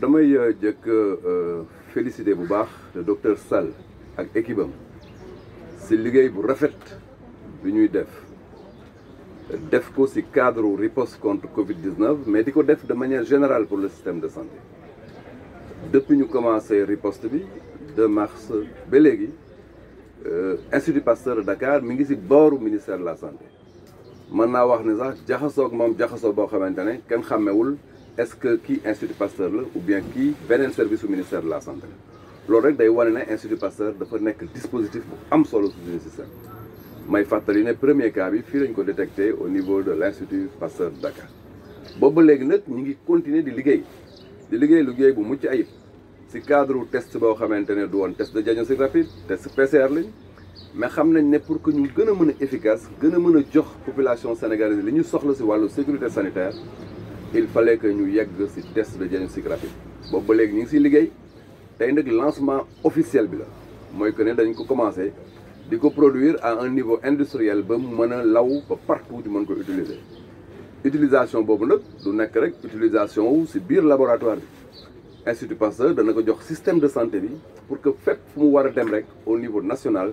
alors voudrais jëkk félicité le docteur Sall ak équipe C'est le travail bu rafet bi ñuy def def ko si cadre riposte contre Covid 19 mais diko def de manière générale pour le système de santé depuis ñu commencé riposte bi 2 mars l'Institut euh, Institut Pasteur de Dakar mi ngi au ministère de la santé. mën naa wax ne sax jaxasoog moom jaxasoo boo xamante ne kenn xàmmewul est-ce que kii institut Pasteur la ou bien kii beneen service su ministère la santé la loolu rek day wane ne institut Pasteur dafa nekk dispositif bu am solo suñu système may fàttali ne premier cas bi fii lañ ko détecté au niveau de l'institut Pasteur Dakar boobu léegi nag ñu ngi continuer di liggéey di liggéey liggéey bu mucc ayib si cadre test boo xamante ne du woon test de diagnostic rapide test PCR lañ. mais xam nañ ne pour que ñu gën a mën a efficace gën a mën a jox population sénégalaise li ñu soxla si wàllu sécurité sanitaire il fallait que ñu yegg si test de diagnostic rapide boobu ba léegi ñu ngi siy liggéey tey nag lancement officiel bi la mooy que ne dañ ko commencé di ko produire à un niveau industriel ba mu mën a law ba partout di mën ko utiliser utilisation boobu nag du nekk rek utilisation wu si biir laboratoire bi Institut Pasteur dana ko jox système de santé bi pour que fépp fu mu war a dem rek au niveau national